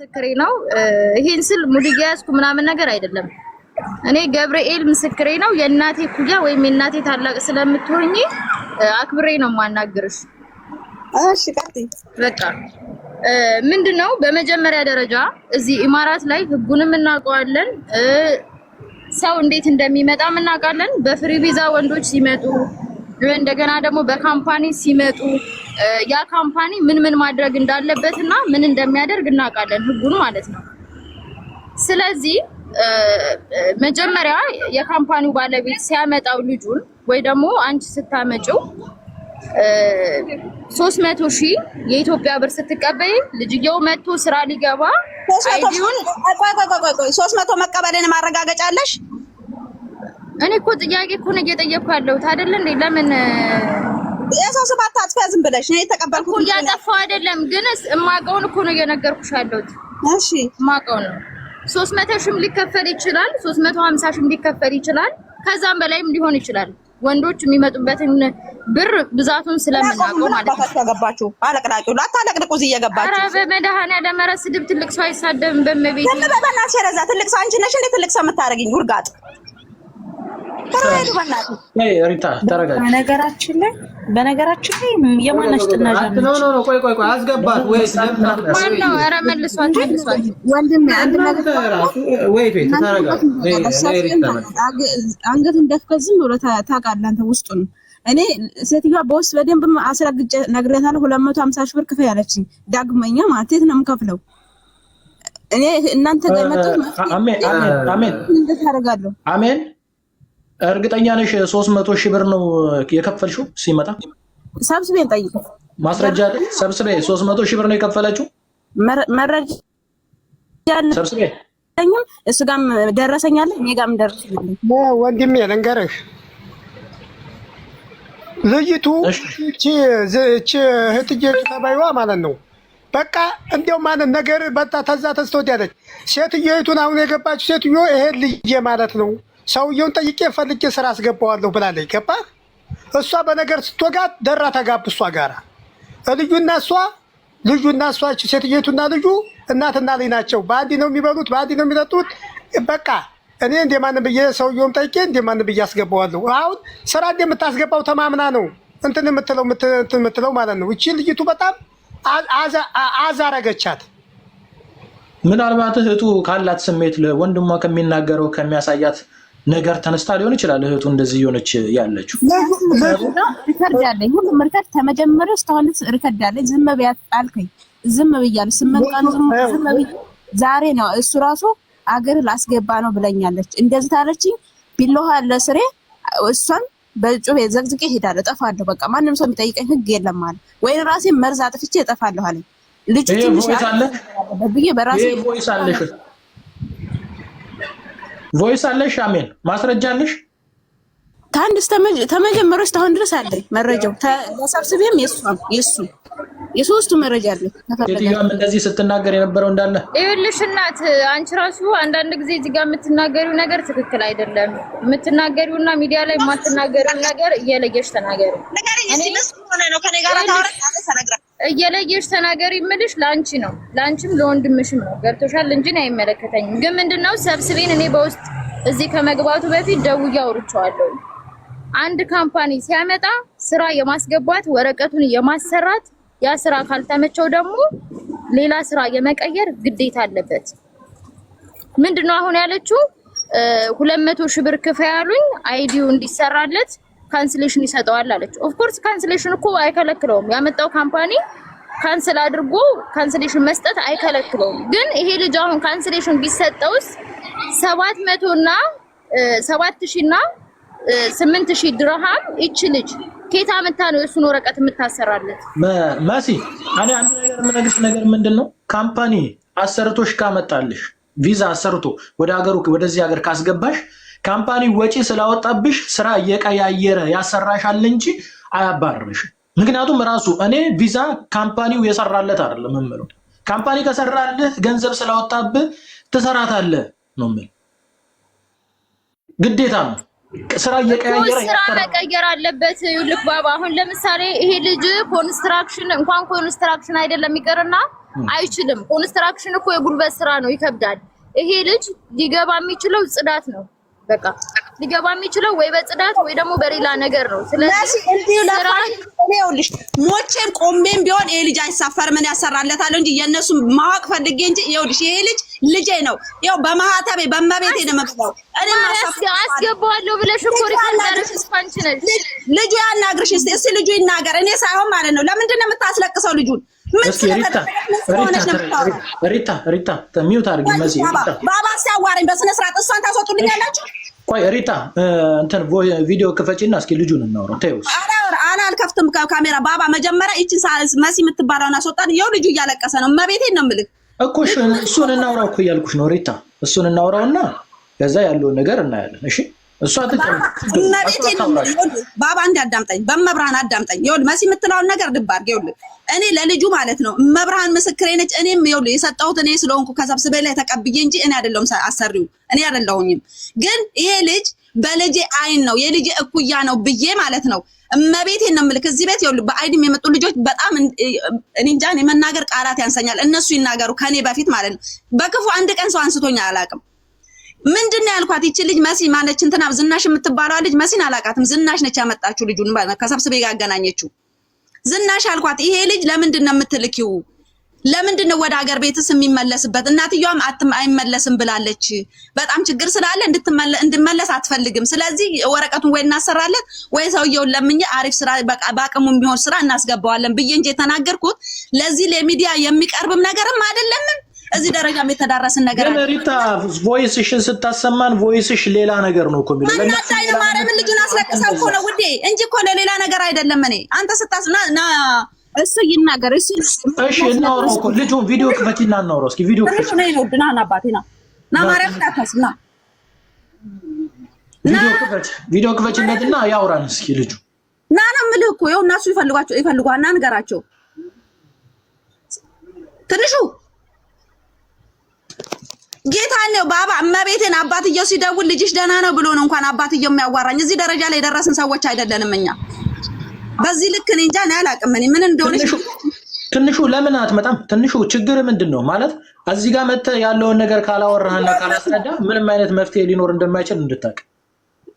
ምስክሬ ነው። ይሄን ስል ሙድ እየያዝኩ ምናምን ነገር አይደለም። እኔ ገብርኤል ምስክሬ ነው። የእናቴ ኩያ ወይም የእናቴ ታላቅ ስለምትሆኝ አክብሬ ነው የማናግርሽ። እሺ ቀጥይ። በቃ ምንድነው በመጀመሪያ ደረጃ እዚህ ኢማራት ላይ ህጉንም እናውቀዋለን። ሰው እንዴት እንደሚመጣም እናውቃለን። በፍሪ ቪዛ ወንዶች ሲመጡ እንደገና ደግሞ በካምፓኒ ሲመጡ ያ ካምፓኒ ምን ምን ማድረግ እንዳለበት እና ምን እንደሚያደርግ እናውቃለን፣ ህጉን ማለት ነው። ስለዚህ መጀመሪያ የካምፓኒው ባለቤት ሲያመጣው ልጁን ወይ ደግሞ አንቺ ስታመጪው ሶስት መቶ ሺህ የኢትዮጵያ ብር ስትቀበይ ልጅየው መጥቶ ስራ ሊገባ አይዲውን ሶስት መቶ መቀበልን ማረጋገጫ አለሽ። እኔ እኮ ጥያቄ እኮ ነው እየጠየቅኩ ያለሁት አይደለ እንዴ? ለምን የሰው ስም አታጥፊያ ዝም ብለሽ ነው የተቀበልኩት። እኮ እያጠፋሁ አይደለም፣ ግን የማውቀውን እኮ ነው እየነገርኩሽ ያለሁት። እሺ የማውቀውን ነው። 300 ሺህም ሊከፈል ይችላል፣ 350 ሺህም ሊከፈል ይችላል፣ ከዛም በላይም ሊሆን ይችላል። ወንዶች የሚመጡበትን ብር ብዛቱን ስለምናውቀው ማለት ነው። ያገባችሁ አለቅላቂው ላታለቅልቁ እዚህ እየገባችሁ። ኧረ በመድኃኒዓለም ኧረ ስድብ ትልቅ ሰው አይሳደብም። በመቤት በበናትሽ ረዛ ትልቅ ሰው አንቺ ነሽ እንዴ? ትልቅ ሰው የምታደርጊኝ ውርጋጥ በነገራችን ላይ በነገራችን ላይ የማነሽ ብሎ ታውቃለህ አንተ እኔ ሴትዮዋ በውስጥ በደንብ አስረግጬ ነግሬታለሁ። ሁለት መቶ ሀምሳ ሺህ ብር ዳግመኛ ማለት የት ነው የምከፍለው? እኔ እናንተ ጋር መጣሁ። አሜን አሜን አሜን እርግጠኛ ነሽ ሶስት መቶ ሺህ ብር ነው የከፈልሽው? ሲመጣ ሰብስቤን ጠይቅ። ማስረጃ ሰብስቤ ሶስት መቶ ሺህ ብር ነው የከፈለችው። መረጃ ሰብስቤ እሱ ጋም ደረሰኛለ እኔ ጋም ደረሰኛለ። ወንድሜ ልንገርህ፣ ልይቱ እቺ እህትዬ ተባይዋ ማለት ነው በቃ እንዲያው ማለት ነገር በታ ተዛ ተስተወዲያለች ሴትዮቱን አሁን የገባችው ሴትዮ ይሄ ልዬ ማለት ነው ሰውየውን ጠይቄ ፈልጌ ስራ አስገባዋለሁ ብላለች። ገባ እሷ በነገር ስትወጋት ደራ ተጋብ እሷ ጋራ ልዩና እሷ ልዩና እሷ ሴትዮቱና ልዩ እናትና ልጅ ናቸው። በአንድ ነው የሚበሉት፣ በአንድ ነው የሚጠጡት። በቃ እኔ እንደማን ብዬ ሰውየውን ጠይቄ እንደማን ብዬ አስገባዋለሁ። አሁን ስራ እንደምታስገባው ተማምና ነው እንትን የምትለው የምትለው ማለት ነው። እቺ ልጅቱ በጣም አዛረገቻት። ምናልባት እህቱ ካላት ስሜት ለወንድሟ ከሚናገረው ከሚያሳያት ነገር ተነስታ ሊሆን ይችላል። እህቱ እንደዚህ የሆነች ያለችው ሪከርድ አለኝ። ሁሉም ሪከርድ ከመጀመሪያው እስካሁን ሪከርድ አለኝ። ዝም ብያት አልከኝ። ዝም ብያለሁ። ስምንት ቀን ዝም ዛሬ ነው እሱ ራሱ አገር ላስገባ ነው ብለኛለች። እንደዚህ ታለችኝ። ቢላዋ ለስሬ እሷን በጩቤ ዘቅዝቄ ሄዳለሁ። እጠፋለሁ። በቃ ማንም ሰው የሚጠይቀኝ ህግ የለም አለ። ራሴ መርዝ አጥፍቼ እጠፋለሁ አለኝ። ልጅ ትንሽ ብዬ በራሴ ቮይስ አለሽ? አሜን። ማስረጃ አለሽ? ከአንድ ተመጀመረ እስካሁን ድረስ አለ መረጃው ተሰብስቤም የእሷም የሶስቱ መረጃ አለ። ሴትዮዋም እንደዚህ ስትናገር የነበረው እንዳለ ይኸውልሽ። እናት አንቺ ራሱ አንዳንድ ጊዜ እዚህ ጋር የምትናገሪው ነገር ትክክል አይደለም። የምትናገሪውና ሚዲያ ላይ የማትናገሪው ነገር እየለየሽ ተናገሪ። ነው ከኔ ጋር እየለየሽ ተናገሪ የምልሽ ላንቺ ነው፣ ለአንቺም ለወንድምሽም ነው። ገብቶሻል እንጂ አይመለከተኝም። ግን ምንድነው ሰብስቤን እኔ በውስጥ እዚህ ከመግባቱ በፊት ደውዬ አውርቼዋለሁ። አንድ ካምፓኒ ሲያመጣ ስራ የማስገባት ወረቀቱን የማሰራት ያ ስራ ካልተመቸው ደግሞ ሌላ ስራ የመቀየር ግዴታ አለበት። ምንድነው አሁን ያለችው? ሁለት መቶ ሺህ ብር ክፈይ ያሉኝ አይዲው እንዲሰራለት ካንስሌሽን ይሰጠዋል አለች። ኦፍኮርስ ካንስሌሽን እኮ አይከለክለውም። ያመጣው ካምፓኒ ካንስል አድርጎ ካንስሌሽን መስጠት አይከለክለውም። ግን ይሄ ልጅ አሁን ካንስሌሽን ቢሰጠውስ ሰባት መቶ ሰባት ሺህ ስምንት ሺህ ድርሃም ይች ልጅ ኬታ ምታ ነው የእሱን ወረቀት የምታሰራለት። መሲ እኔ አንድ ነገር የምነግርሽ ነገር ምንድን ነው ካምፓኒ አሰርቶሽ ካመጣልሽ ቪዛ አሰርቶ ወደ ሀገሩ ወደዚህ ሀገር ካስገባሽ ካምፓኒ ወጪ ስላወጣብሽ ስራ እየቀያየረ ያሰራሻል እንጂ አያባርርሽም። ምክንያቱም ራሱ እኔ ቪዛ ካምፓኒው የሰራለት አይደለም የምለው ካምፓኒ ከሰራልህ ገንዘብ ስላወጣብህ ትሰራታለህ ነው የምልህ። ግዴታ ነው። ስራ እየቀያየረ ስራ መቀየር አለበት። ይኸውልህ ባባ፣ አሁን ለምሳሌ ይሄ ልጅ ኮንስትራክሽን እንኳን ኮንስትራክሽን አይደለም ይቀርና አይችልም። ኮንስትራክሽን እኮ የጉልበት ስራ ነው፣ ይከብዳል። ይሄ ልጅ ሊገባ የሚችለው ጽዳት ነው። በቃ ሊገባ የሚችለው ወይ በጽዳት ወይ ደግሞ በሌላ ነገር ነው። ስለዚህ እንዲሁ ለፋሽ ሞቼም ቆሜም ቢሆን ይሄ ልጅ አይሳፈር ምን ያሰራለታል እንጂ የእነሱ ማወቅ ፈልጌ እንጂ ይኸውልሽ፣ ይሄ ልጅ ልጄ ነው። ይኸው በማህተቤ በመቤቴ ነው የምገባው። እኔ አስገባዋለሁ ብለሽ እኮ ልጁ ያናግርሽ እስቲ፣ እስቲ ልጁ ይናገር፣ እኔ ሳይሆን ማለት ነው። ለምንድን ነው የምታስለቅሰው ልጁን? ሪታ ሪታ ሚዩት አድርጊ። መሲ ባባ ሲያዋረኝ በስነ ስርዓት እሷን ታስወጡልኛላችሁ ቆይ ሪታ እንትን ቪዲዮ ክፈጪና እስኪ ልጁን እናውረው። ተይው አልከፍትም ካሜራ ባባ። መጀመሪያ ይችን መሲ የምትባለውን አስወጣን። ይኸው ልጁ እያለቀሰ ነው። መቤቴን ነው የምልህ እኮ እሱን እናውራው እኮ እያልኩሽ ነው ሪታ። እሱን እናውራውና ከዛ ያለውን ነገር እናያለን። እሺ እሷ ባባ አዳምጠኝ፣ በመብርሃን አዳምጠኝ። ይኸውልህ መሲ የምትለውን ነገር ይኸውልህ እኔ ለልጁ ማለት ነው መብርሃን ምስክሬ ነች። እኔም ይኸውልህ የሰጠሁት እኔ ስለሆንኩ ከሰብስቤ ላይ ተቀብዬ እንጂ እኔ አይደለሁም አሰሪው፣ እኔ አይደለሁኝም። ግን ይሄ ልጅ በልጄ አይን ነው የልጄ እኩያ ነው ብዬ ማለት ነው እመቤቴ ነው የምልክ። እዚህ ቤት ይኸውልህ በአይድም የመጡ ልጆች በጣም እኔ የመናገር ቃላት ያንሰኛል። እነሱ ይናገሩ ከኔ በፊት ማለት ነው። በክፉ አንድ ቀን ሰው አንስቶኛ አላውቅም። ምንድን ነው ያልኳት? ይቺ ልጅ መሲ ማነች? እንትና ዝናሽ የምትባለዋ ልጅ መሲን አላቃትም። ዝናሽ ነች ያመጣችው ልጁን ከሰብስቤ ጋር አገናኘችው። ዝናሽ አልኳት፣ ይሄ ልጅ ለምንድን ነው የምትልኪው? ለምንድን ነው ወደ ሀገር ቤትስ የሚመለስበት? እናትየዋም አትም አይመለስም ብላለች። በጣም ችግር ስላለ እንድመለስ አትፈልግም። ስለዚህ ወረቀቱን ወይ እናሰራለት ወይ ሰውየውን ለምኜ አሪፍ ስራ በአቅሙ የሚሆን ስራ እናስገባዋለን ብዬ እንጂ የተናገርኩት ለዚህ ለሚዲያ የሚቀርብም ነገርም አይደለምን እዚህ ደረጃ የተዳረስን ነገር አለ። ሪታ ቮይስሽን ስታሰማን ቮይስሽ ሌላ ነገር ነው እኮ የሚለው እናታ የማርያምን ልጁን አስለቅሳ እኮ ነው ውዴ እንጂ እኮ ለሌላ ነገር አይደለም። እኔ አንተ ስታስና ና እሱ ይናገር እሱ እሺ፣ እናውራ እኮ ልጁን ቪዲዮ ክፈትና እናውራ እስኪ ቪዲዮ ክፈት ነው ነው ድና ና አባቴ ና ና ማርያም ና ቪዲዮ ክፈት ቪዲዮ ክፈችነትና ያውራን እስኪ ልጁ ና ነው የምልህ እኮ ይኸው እናሱ ይፈልጓቸው ይፈልጓና ና ንገራቸው ትንሹ ጌታ ነው ባባ እመቤቴን አባትየው ሲደውል ልጅሽ ደህና ነው ብሎ ነው እንኳን አባትየው የሚያዋራኝ። እዚህ ደረጃ ላይ የደረስን ሰዎች አይደለንም እኛ። በዚህ ልክ እኔ እንጃ እኔ አላውቅም እኔ ምን እንደሆነ። ትንሹ ለምን አትመጣም? ትንሹ ችግር ምንድን ነው ማለት እዚህ ጋር መጥተህ ያለውን ነገር ካላወራህና ካላስረዳ ምንም አይነት መፍትሄ ሊኖር እንደማይችል እንድታውቅ።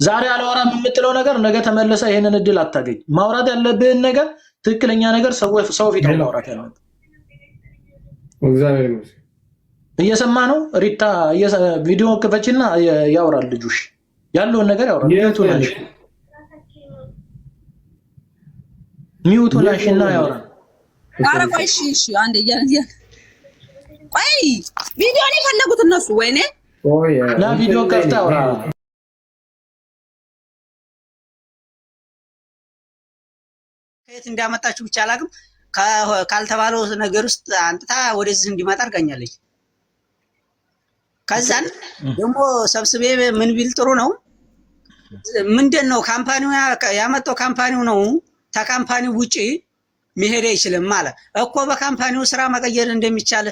ዛሬ አላወራም የምትለው ነገር ነገ ተመለሰ ይህንን እድል አታገኝ። ማውራት ያለብህን ነገር ትክክለኛ ነገር ሰው ፊት ላይ ማውራት ያለብህ እግዚአብሔር እየሰማ ነው። ሪታ ቪዲዮ ክፈችና ያውራል። ልጁሽ ያለውን ነገር ያውራል። ሚዩቱ ናሽ እና ያውራል። ቪዲዮ ነው የፈለጉት እነሱ። ወይኔ ና ቪዲዮ ከፍታ ያውራል። ከየት እንዳመጣችሁ ብቻ አላውቅም። ካልተባለው ነገር ውስጥ አንጥታ ወደዚህ እንዲመጣ አድርጋኛለች። ከዛን ደግሞ ሰብስቤ ምን ቢል ጥሩ ነው ምንድን ነው ካምፓኒው ያመጣው ካምፓኒው ነው። ተካምፓኒው ውጪ መሄድ አይችልም ማለት እኮ በካምፓኒው ስራ መቀየር እንደሚቻል